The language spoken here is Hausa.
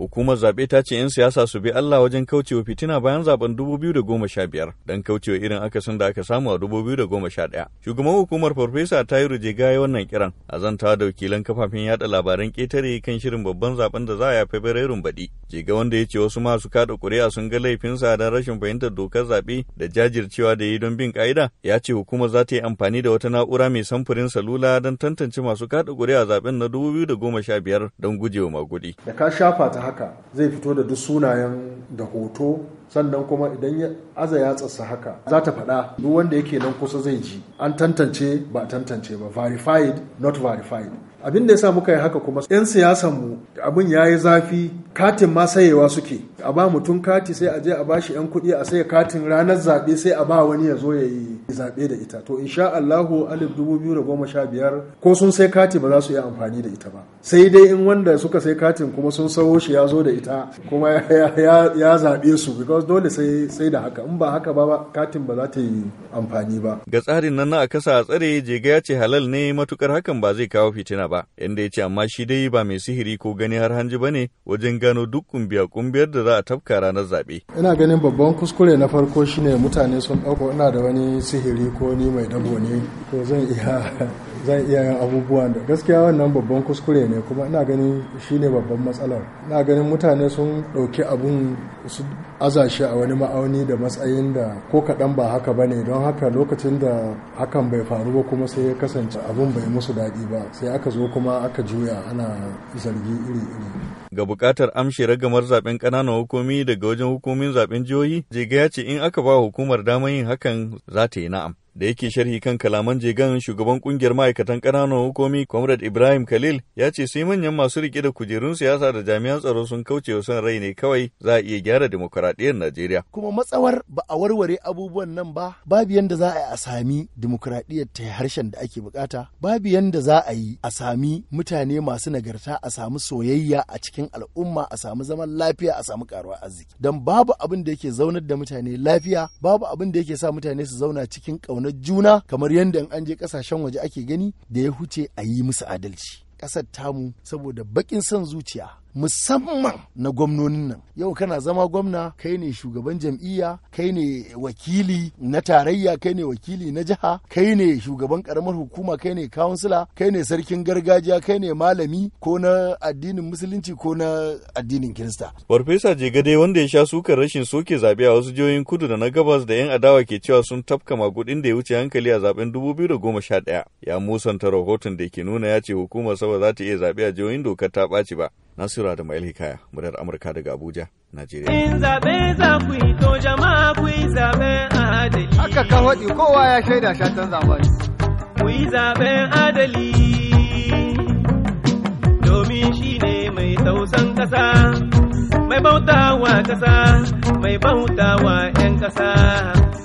Hukumar zaɓe ta ce 'yan siyasa su bi Allah wajen kaucewa fitina bayan zaben 2015 don kaucewa irin akasin da aka samu a 2011. Shugaban hukumar Farfesa yi ruje ya wannan kiran a zanta da wakilan kafafen yada labaran ƙetare kan shirin babban zaben da za a yi Fabrairun baɗi. Jega wanda ya ce wasu masu kaɗa ƙuri'a sun ga laifinsa don rashin fahimtar dokar zaɓe da jajircewa da yi don bin ƙa'ida ya ce hukumar za ta yi amfani da wata na'ura mai samfurin salula don tantance masu kaɗa ƙuri'a zaben na 2015 don gujewa magudi. Da ka shafa ta haka zai fito da duk sunayen da hoto sannan kuma idan ya aza yatsarsa haka za ta faɗa duk wanda yake nan kusa zai ji an tantance ba tantance ba verified not verified abin da ya sa muka yi haka kuma 'yan siyasan mu abin ya yi zafi katin ma sayewa suke a ba mutum kati sai a je a bashi 'yan kuɗi a sai katin ranar zaɓe sai a ba wani ya zo ya yi zaɓe da ita to insha Allahu alif dubu biyu da goma sha biyar ko sun sai kati ba za su yi amfani da ita ba sai dai in wanda suka sai katin kuma sun sawo shi ya zo da ita kuma ya zaɓe su because dole sai da haka in ba haka ba katin ba za ta yi amfani ba ga tsarin nan na a kasa a tsare jega ya ce halal ne matukar hakan ba zai kawo fitina ba inda ya ce amma shi dai ba mai sihiri ko gani har hanji ba ne wajen gano duk kumbiya kumbiyar da za a tafka ranar zaɓe ina ganin babban kuskure na farko shine mutane sun ɗauko ina da wani sihiri sihiri ko ni mai dabo ne to zan iya zan iya yin abubuwan da gaskiya wannan babban kuskure ne kuma ina ganin shine babban matsalar ina ganin mutane sun ɗauki abun su azashi a wani ma'auni da matsayin da ko kaɗan ba haka bane don haka lokacin da hakan bai faru ba kuma sai ya kasance abun bai musu daɗi ba sai aka zo kuma aka juya ana zargi iri-iri ga bukatar amshi ragamar zaben kananan hukumi daga wajen hukumin zaben jihohi jiga ya ce in aka ba hukumar damar yin hakan za ta yi not da yake sharhi kan kalaman jegan shugaban kungiyar ma'aikatan ƙananan hukumi comrade ibrahim khalil ya ce sai manyan masu rike da kujerun siyasa da jami'an tsaro sun kauce wa son rai ne kawai za a iya gyara dimokuraɗiyyar najeriya kuma matsawar ba a warware abubuwan nan ba babu yanda za a yi a sami dimokuraɗiyyar ta harshen da ake bukata babu yanda za a yi a sami mutane masu nagarta a sami soyayya a cikin al'umma a sami zaman lafiya a sami karuwar arziki don babu abin da yake zaunar da mutane lafiya babu abin da yake sa mutane su zauna cikin ƙauna ƙaunar juna kamar yadda in an je ƙasashen waje ake gani da ya huce a yi musu adalci ƙasar tamu saboda baƙin son zuciya musamman na gwamnonin nan yau kana zama gwamna kai ne shugaban jam'iyya kai ne wakili na tarayya kai ne wakili na jiha kai ne shugaban karamar hukuma kai ne kansila kai ne sarkin gargajiya kai ne malami ko na addinin musulunci ko na addinin kirista farfesa jegade wanda ya sha sukar rashin soke zaɓe a wasu jihohin kudu da na gabas da yan adawa ke cewa sun tafka magudin da ya wuce hankali a zaben 2011 ya musanta rahoton da ke nuna ya ce hukumar saboda za ta iya zaɓe a jihohin dokar ta ɓaci ba Nasiru da Mail Hikaya, muryar Amurka daga Abuja, Najeriya. In zaɓe za ku yi to jama'a ku yi zaɓen adali. Haka ka faɗi kowa ya shaida shatan zaɓen. Ku yi zaɓen adali. Domin shi ne mai tausan ƙasa, mai bautawa ƙasa, mai bautawa 'yan ƙasa.